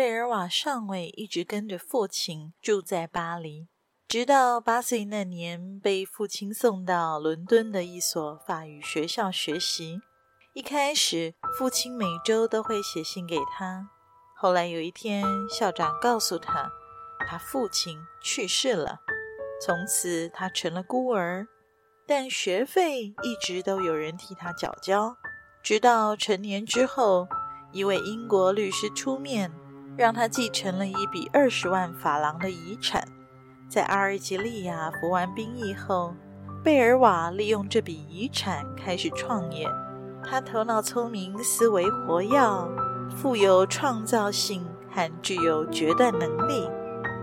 貝爾瓦上尉一直跟着父親住在巴黎，直到八歲那年被父親送到倫敦的一所法語學校學習。一開始，父親每週都會寫信給他。後來有一天，校長告訴他，他父親去世了，從此他成了孤兒，但學費一直都有人替他繳交。直到成年之後，一位英國律師出面。讓他繼承了一筆二十萬法郎的遺產，在阿爾及利亞服完兵役後，貝爾瓦利用這筆遺產開始創業。他頭腦聰明，思維活躍，富有創造性和具有決斷能力，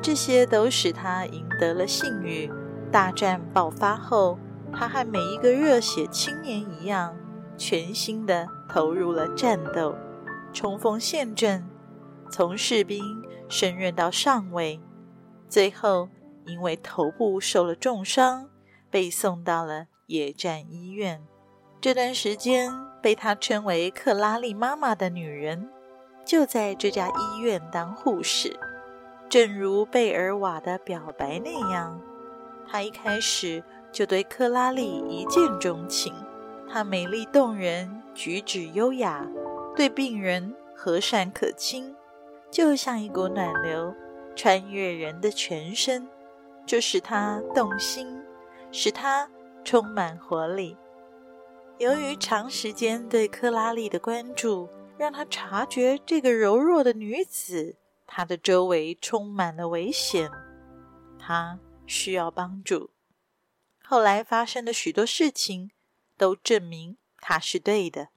這些都使他贏得了信譽。大戰爆發後，他和每一個熱血青年一樣，全心的投入了戰鬥，衝鋒陷陣。從士兵升任到上尉，最後因為頭部受了重傷，被送到了野戰醫院。這段時間，被他稱為克拉麗媽媽的女人，就在這家醫院當護士。正如貝爾瓦的表白那樣，他一開始就對克拉麗一見鍾情。她美麗動人，舉止優雅，對病人和善可親。就像一股暖流，穿越人的全身，這使他動心，使他充滿活力。由於長時間對克拉麗的關注，讓他察覺這個柔弱的女子，她的周圍充滿了危險，她需要幫助。後來發生的許多事情都證明他是對的，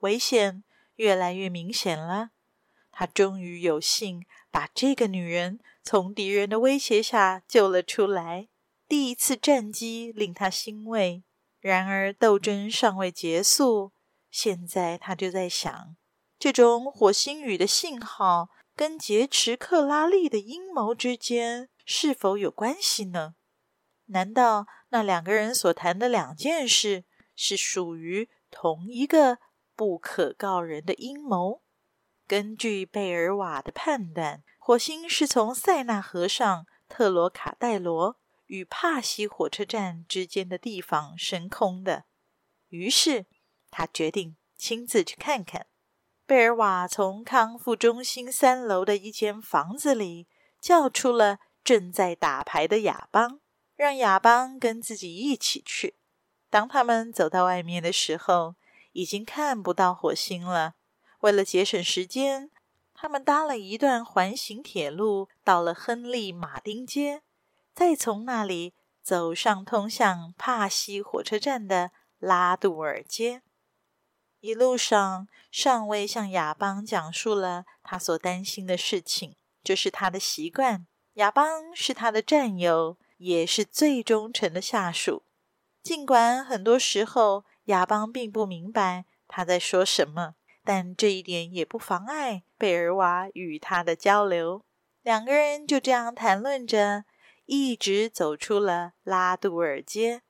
危險越來越明顯了。他終於有幸把這個女人從敵人的威脅下救了出來。第一次戰績令他欣慰，然而鬥爭尚未結束。現在他就在想：這種火星語的信號跟劫持克拉麗的陰謀之間是否有關係呢？難道那兩個人所談的兩件事是屬於同一個不可告人的陰謀？根據貝爾瓦的判斷，火星是從塞納河上特羅卡戴羅與帕西火車站之間的地方升空的。於是他決定親自去看看。貝爾瓦從康復中心三樓的一間房子裡叫出了正在打牌的亞邦，讓亞邦跟自己一起去。當他們走到外面的時候，已經看不到火星了。為了節省時間，他們搭了一段環形鐵路，到了亨利馬丁街，再從那裡走上通向帕西火車站的拉杜爾街。一路上，上尉向亞邦講述了他所擔心的事情，這是他的習慣。亞邦是他的戰友，也是最忠誠的下屬，儘管很多時候亞邦並不明白他在說什麼。但這一點也不妨礙貝爾瓦與他的交流。兩個人就這樣談論着，一直走出了拉杜爾街。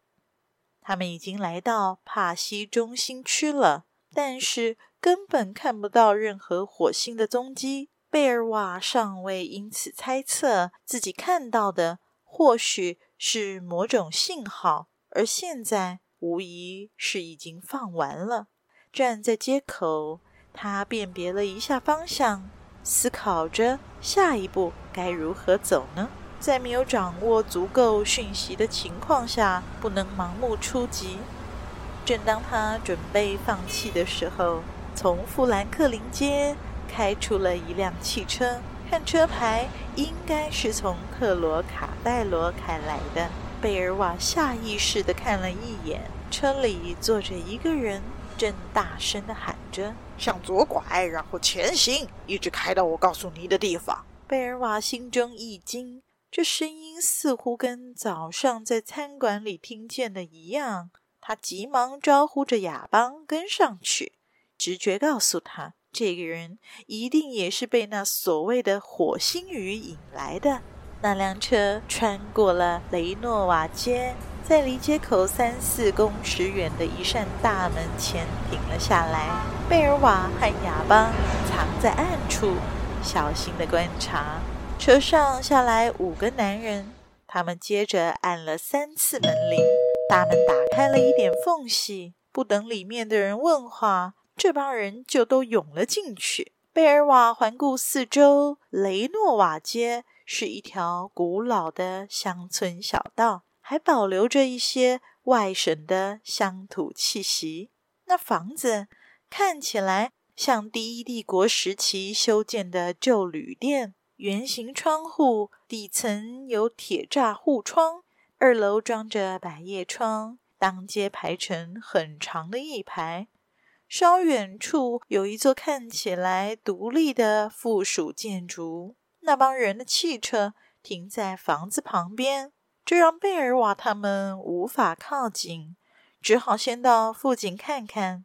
他們已經來到帕西中心區了，但是根本看不到任何火星的蹤跡。貝爾瓦上尉因此猜測自己看到的或許是某種信號，而現在無疑是已經放完了。站在街口。他辨別了一下方向，思考着下一步該如何走呢？在沒有掌握足夠訊息的情況下，不能盲目出擊。正當他準備放棄的時候，從富蘭克林街開出了一輛汽車，看車牌應該是從特羅卡戴羅開來的。貝爾瓦下意識的看了一眼，車裡坐着一個人。正大聲地喊着：“向左拐，然後前行，一直開到我告訴你的地方。”貝爾瓦心中一驚，這聲音似乎跟早上在餐館裡聽見的一樣。他急忙招呼着亞邦跟上去，直覺告訴他，這個人一定也是被那所謂的火星雨引來的。那輛車穿過了雷諾瓦街。在離街口三四公尺遠的一扇大門前停了下來。貝爾瓦和啞巴藏在暗處，小心的觀察。車上下來五個男人，他們接着按了三次門鈴。大門打開了一點縫隙，不等裡面的人問話，這幫人就都湧了進去。貝爾瓦環顧四周，雷諾瓦街是一條古老的鄉村小道。還保留着一些外省的鄉土氣息。那房子看起來像第一帝國時期修建的舊旅店，圓形窗戶，底層有鐵柵護窗，二樓裝着百葉窗，當街排成很長的一排。稍遠處有一座看起來獨立的附屬建築。那幫人的汽車停在房子旁邊。這讓貝爾瓦他們無法靠近，只好先到附近看看。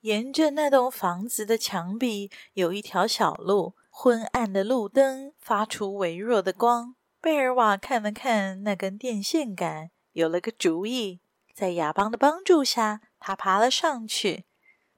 沿着那棟房子的牆壁有一條小路，昏暗的路燈發出微弱的光。貝爾瓦看了看那根電線桿，有了個主意。在亞邦的幫助下，他爬了上去，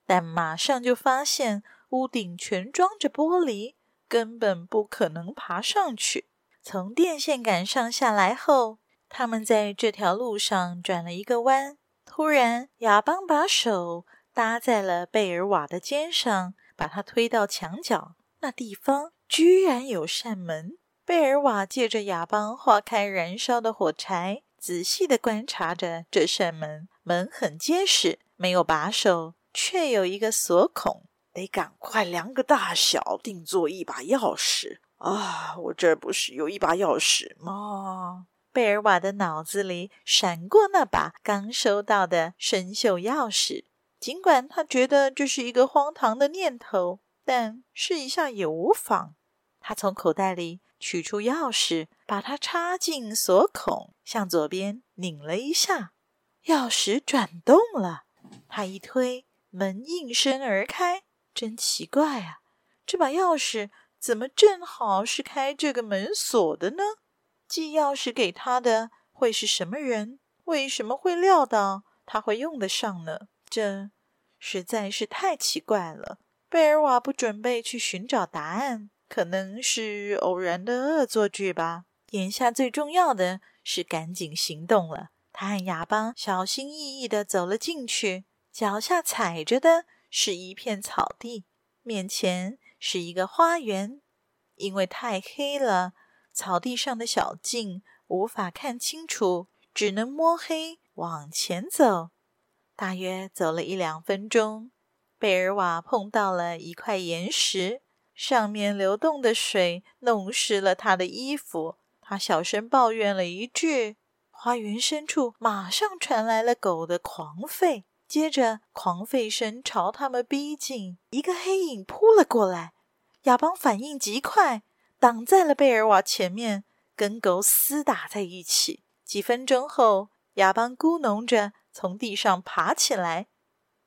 但馬上就發現屋頂全裝着玻璃，根本不可能爬上去。從電線桿上下來後，他們在這條路上轉了一個彎。突然，亞邦把手搭在了貝爾瓦的肩上，把他推到牆角。那地方居然有扇門。貝爾瓦借着亞邦劃開燃燒的火柴，仔細地觀察着這扇門。門很結實，沒有把手，卻有一個鎖孔。得趕快量個大小，定做一把鑰匙。啊！我這兒不是有一把鑰匙嗎？貝爾瓦的腦子裡閃過那把剛收到的生鏽鑰匙，儘管他覺得這是一個荒唐的念頭，但試一下也無妨。他從口袋裡取出鑰匙，把它插進鎖孔，向左邊擰了一下，鑰匙轉動了。他一推，門應聲而開。真奇怪啊！這把鑰匙。怎麼正好是開這個門鎖的呢？寄鑰匙給他的會是什麼人？為什麼會料到他會用得上呢？這實在是太奇怪了。貝爾瓦不準備去尋找答案，可能是偶然的惡作劇吧。眼下最重要的是趕緊行動了。他和啞巴小心翼翼地走了進去，腳下踩着的是一片草地，面前，是一個花園，因為太黑了，草地上的小徑無法看清楚，只能摸黑往前走。大約走了一兩分鐘，貝爾瓦碰到了一塊岩石，上面流動的水弄濕了他的衣服，他小聲抱怨了一句，花園深處馬上傳來了狗的狂吠，接着狂吠聲朝他們逼近，一個黑影撲了過來。亞邦反應極快，擋在了貝爾瓦前面，跟狗廝打在一起。幾分鐘後，亞邦咕噥着從地上爬起來，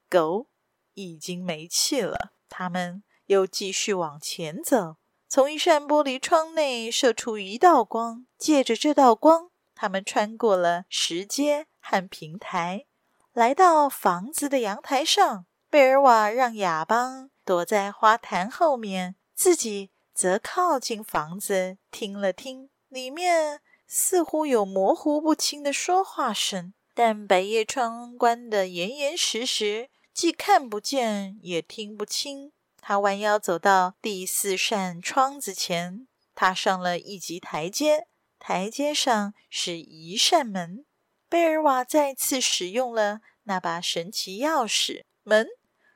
狗已經沒氣了。他們又繼續往前走，從一扇玻璃窗內射出一道光，借着這道光，他們穿過了石階和平台，來到房子的陽臺上。貝爾瓦讓亞邦躲在花壇後面。自己則靠近房子，聽了聽，裡面似乎有模糊不清的說話聲，但百葉窗關得嚴嚴實實，既看不見也聽不清。他彎腰走到第四扇窗子前，踏上了一級台階，台階上是一扇門。貝爾瓦再次使用了那把神奇鑰匙，門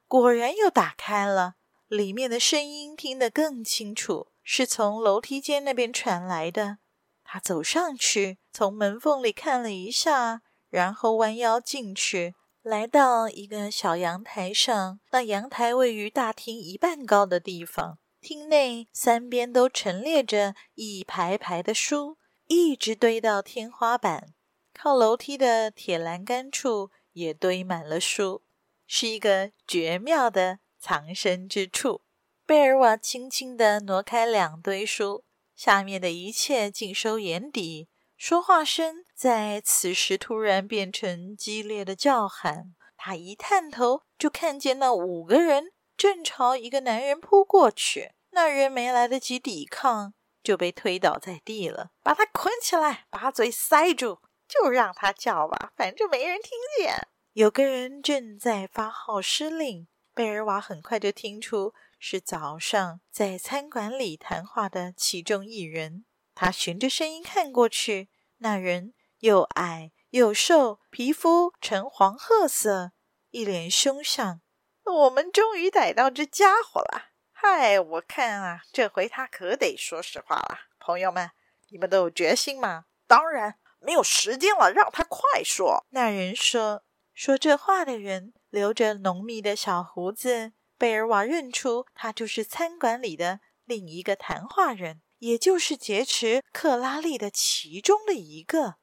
果然又打開了。裡面的聲音聽得更清楚，是從樓梯間那邊傳來的。他走上去，從門縫裡看了一下，然後彎腰進去，來到一個小陽台上。那陽台位於大廳一半高的地方，廳內三邊都陳列着一排排的書，一直堆到天花板。靠樓梯的鐵欄杆處也堆滿了書，是一個絕妙的藏身之處，貝爾瓦輕輕地挪開兩堆書，下面的一切盡收眼底。說話聲在此時突然變成激烈的叫喊。他一探頭，就看見那五個人正朝一個男人撲過去。那人沒來得及抵抗，就被推倒在地了。把他捆起來，把嘴塞住，就讓他叫吧，反正沒人聽見。有個人正在發號施令。貝爾瓦很快就聽出是早上在餐館裡談話的其中一人。他循着聲音看過去，那人又矮又瘦，皮膚呈黃褐色，一臉凶相。我們終於逮到這家夥了！嗨，我看啊，這回他可得說實話了。朋友們，你們都有決心嗎？當然，沒有時間了，讓他快說。那人說：“說這話的人。”留着濃密的小鬍子，貝爾瓦認出他就是餐館裡的另一個談話人，也就是劫持克拉麗的其中的一個。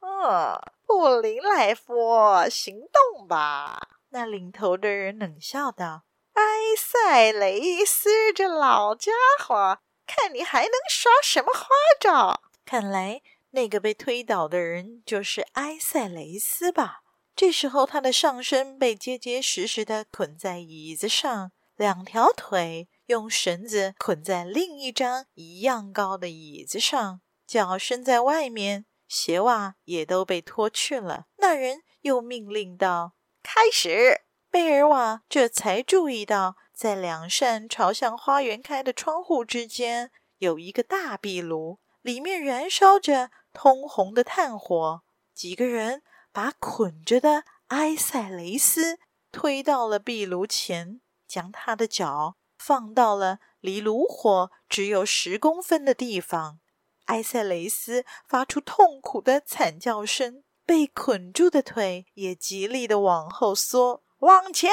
嗯、哦，布林萊夫，行動吧！那領頭的人冷笑道：“埃塞雷斯，這老家伙，看你還能耍什麼花招？看來那個被推倒的人就是埃塞雷斯吧。”這時候，他的上身被結結實實地捆在椅子上，兩條腿用繩子捆在另一張一樣高的椅子上，腳伸在外面，鞋襪也都被脫去了。那人又命令道：“開始！”貝爾瓦這才注意到，在兩扇朝向花園開的窗戶之間有一個大壁爐，裡面燃燒着通紅的炭火。幾個人。把捆着的埃塞雷斯推到了壁爐前，將他的腳放到了離爐火只有十公分的地方。埃塞雷斯發出痛苦的慘叫聲，被捆住的腿也極力的往後縮。往前，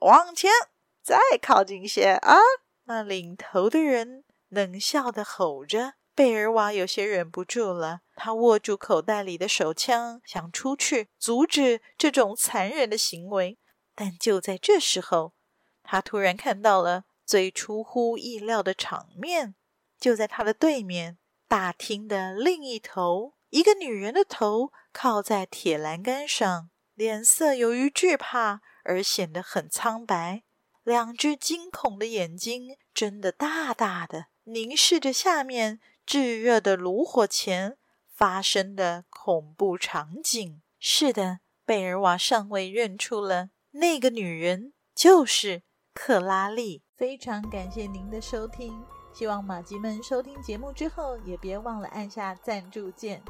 往前，再靠近些啊！那領頭的人冷笑的吼着。貝爾瓦有些忍不住了，他握住口袋裡的手槍，想出去阻止這種殘忍的行為。但就在這時候，他突然看到了最出乎意料的場面：就在他的對面，大廳的另一頭，一個女人的頭靠在鐵欄杆上，臉色由於懼怕而顯得很蒼白，兩只驚恐的眼睛睜得大大的，凝視着下面。炙熱的爐火前發生的恐怖場景。是的，貝爾瓦上尉認出了那個女人，就是克拉麗。非常感謝您的收聽，希望麻吉們收聽節目之後也別忘了按下贊助鍵，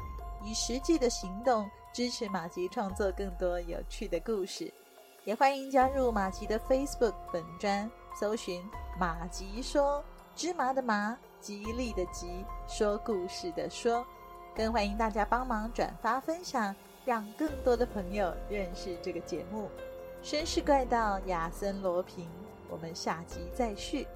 以實際的行動支持麻吉創作更多有趣的故事。也歡迎加入麻吉的 Facebook 本專，搜尋“麻吉說芝麻的麻”。吉利的吉，說故事的說，更歡迎大家幫忙轉發分享，讓更多的朋友認識這個節目。紳士怪盜亞森羅平，我們下集再續。